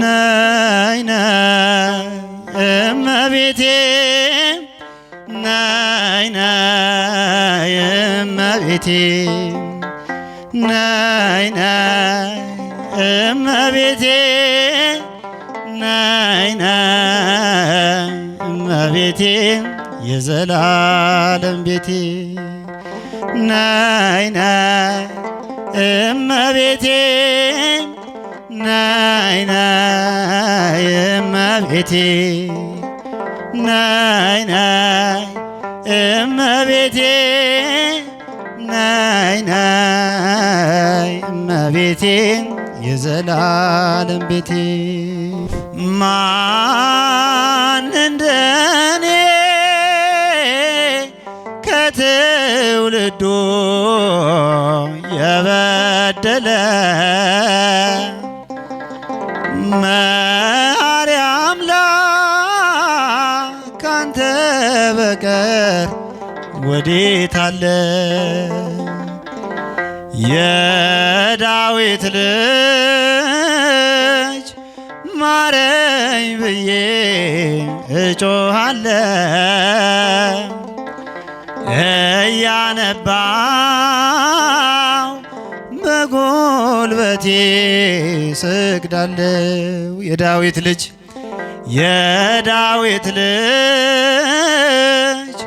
ነይ ነይ እመቤቴ ነይ ነይ እመቤቴ ነይ ነይ እመቤቴ ነይ ነይ እመቤቴ የዘላለም ቤቴ ነይ ነይ እመቤቴ ናይ ናይ እመቤቴ ናይ ናይ እመቤቴ ናይ ናይ እመቤቴ የዘላለም ቤቴ ማን እንደኔ ከትውልዶ የበደለ መሐሪ አምላክ ካንተ በቀር ወዴት አለ የዳዊት ልጅ ማረኝ ብዬ እጮሃለ እያነባ በአንድበቴ ሰግዳለው የዳዊት ልጅ የዳዊት ልጅ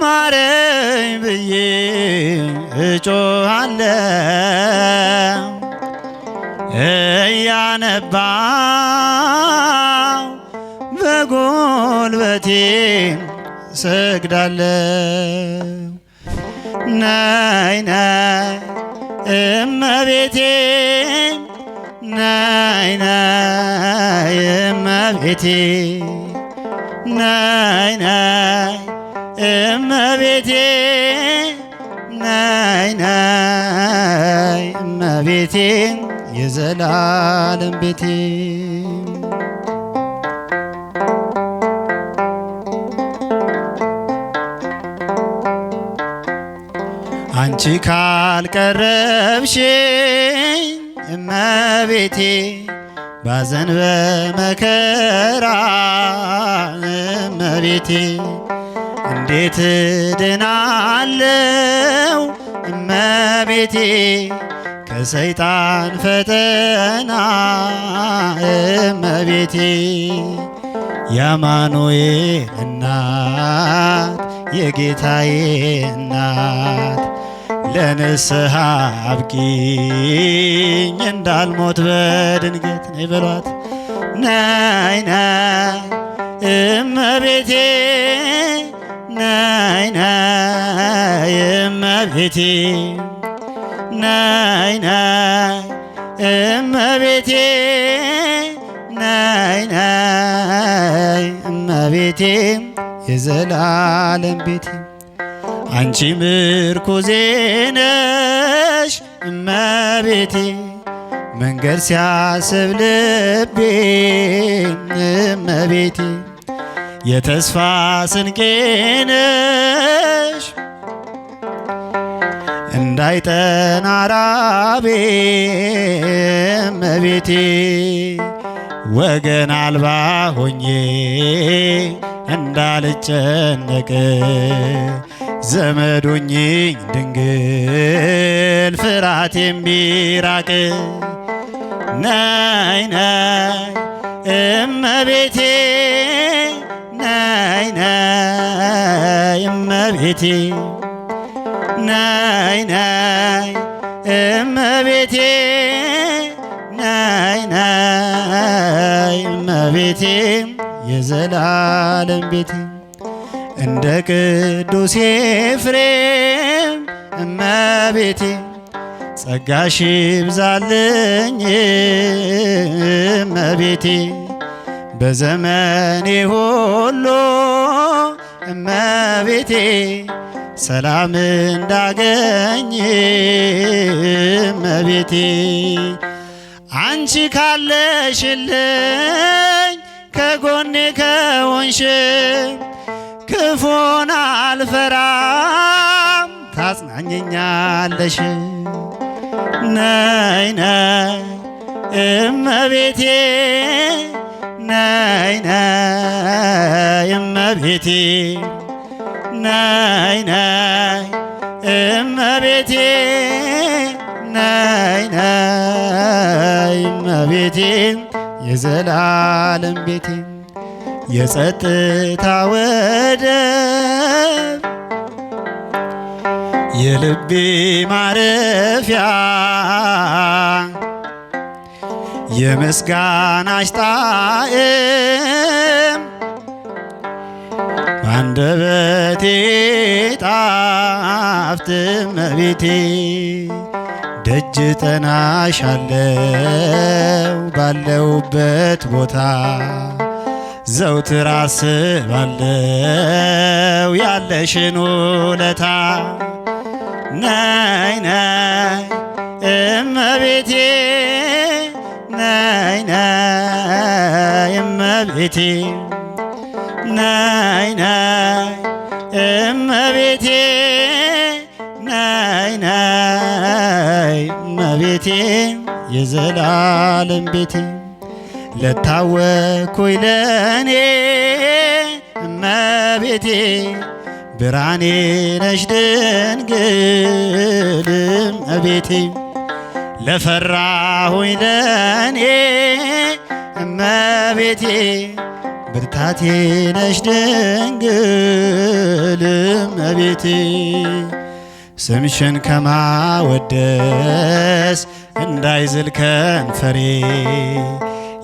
ማረኝ ብዬ እጮሃለው እያነባው በጎልበቴ ሰግዳለው ነይ ነይ እመቤቴ ቤቴ ናይ ናይ እመቤቴ ናይ ናይ እመቤቴ የዘላለም ቤቴ አንቺ ካልቀረብሽኝ እመቤቴ ባዘን በመከራ እመቤቴ እንዴት ድናለው እመቤቴ ከሰይጣን ፈተና እመቤቴ የአማኑኤል እናት የጌታዬ እናት ለንስሐ አብቂኝ እንዳልሞት በድንገት ነይ በሏት ነይ ነይ እመቤቴ ነይ ነይ እመቤቴ ነይ ነይ እመቤቴ ነይ ነይ እመቤቴ የዘላለም ቤቴ አንቺ ምርኩዜ ነሽ እመቤቴ፣ መንገድ ሲያስብ ልቤን እመቤቴ፣ የተስፋ ስንቄ ነሽ እንዳይጠና ራቤ እመቤቴ፣ ወገን አልባ ሆኜ እንዳልጨነቅ ዘመዶኝኝ ድንግል ፍርሃት የሚራቅ ነይ ነይ እመቤቴ ነይ ነይ እመቤቴ ነይ ነይ እመቤቴ ነይ ነይ እመቤቴ የዘላለም ቤት እንደ ቅዱስ ኤፍሬም እመቤቴ ጸጋሽ ይብዛልኝ እመቤቴ በዘመኔ ሁሉ እመቤቴ ሰላም እንዳገኝ እመቤቴ አንቺ ካለሽልን ከጎኔ ከሆንሽ ክፉን አልፈራም ታጽናኘኛለሽ። ነይ ነይ እመቤቴ ነይ ነይ እመቤቴ ነይ ነይ እመቤቴ ነይ ነይ እመቤቴ የዘላለም ቤቴ የጸጥታ ወደብ የልቤ ማረፊያ የምስጋናሽ ጣዕም ባንደበቴ ደጅ ጠናሻለው ባለውበት ቦታ ዘውትር አስባለው ያለሽን ውለታ ነይ ነይ እመቤቴ ነይ ነይ እመቤቴ ነይ ነይ ቤቴ የዘላለም ቤቴ ለታወኩኝ ለእኔ እመቤቴ ብርሃኔ ነሽ ድንግል እመቤቴ ለፈራሁኝ ለእኔ እመቤቴ ብርታቴ ነሽ ድንግል እመቤቴ ስምሽን ከማወደስ እንዳይዝል ከንፈሬ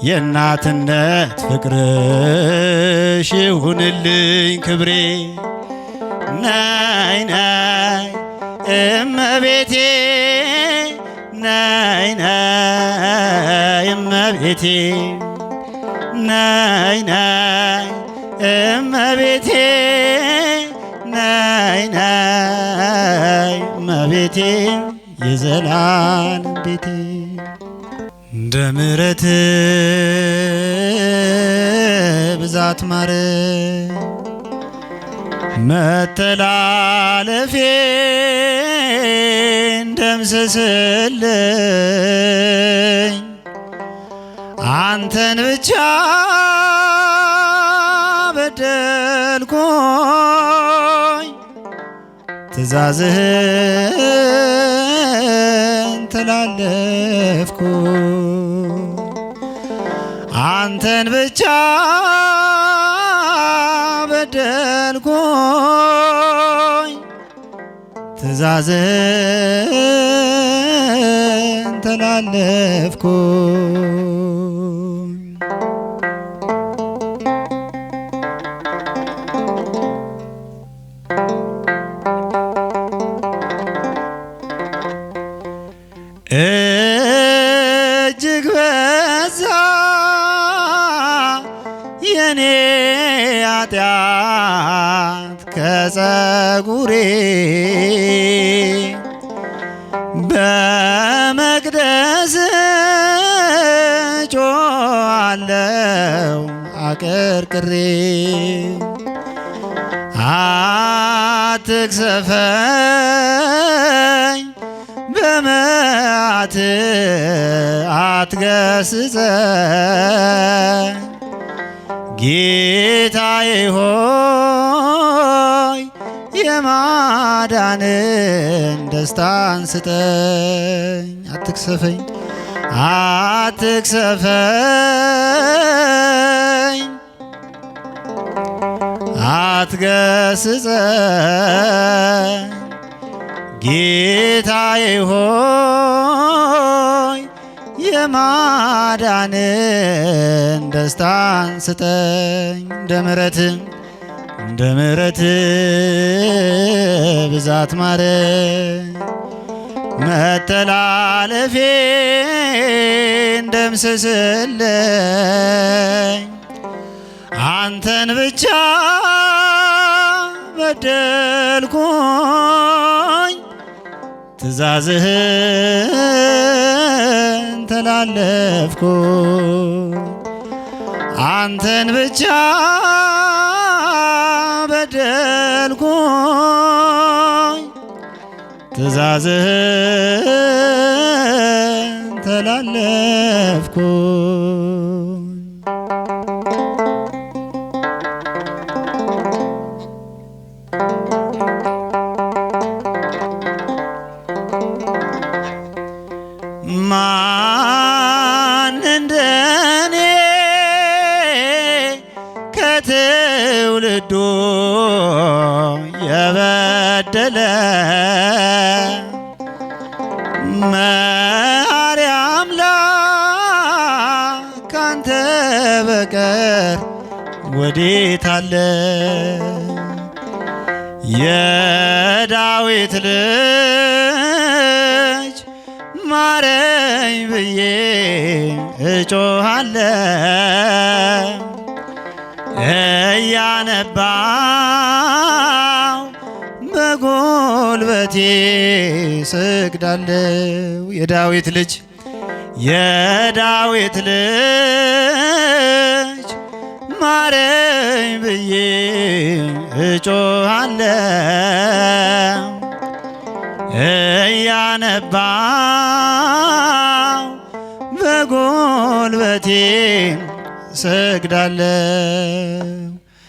የእናትነት ፍቅርሽ ይሁንልኝ ክብሬ። ናይ ናይ እመቤቴ ናይ ናይ እመቤቴ ናይ ናይ እመቤቴ ቤቴ የዘላን ቤቴ እንደ ብዛት ማረ መተላለፌን ደምስስልኝ አንተን ብቻ ትእዛዝህን ተላለፍኩ አንተን ብቻ በደልኩኝ ትእዛዝህን ተላለፍኩኝ አለው አቀርቅሬ አትቅሰፈኝ በመዓት አትገስጸኝ ጌታዬ ሆይ የማዳንን ደስታ ስጠኝ አትቅሰፈኝ አትክሰፈኝ አትገስጸኝ ጌታዬ ሆይ የማዳንን ደስታን ስጠኝ እንደ ምሕረትህ እንደ ምሕረትህ ብዛት ማረ መተላለፌን ደምስስልኝ አንተን ብቻ በደልኩኝ ትእዛዝህን ተላለፍኩ አንተን ብቻ በደል በሐዘን ተላለፍኩ ማን የበ በደለ ማርያም ላካንተ ካንተ በቀር ወዴት አለ የዳዊት ልጅ ማረኝ ብዬ እጮሃለ እያነባ ሰግዳለው የዳዊት ልጅ የዳዊት ልጅ ማረኝ ብዬ እጮሃለው እያነባው በጎልበቴ ሰግዳለው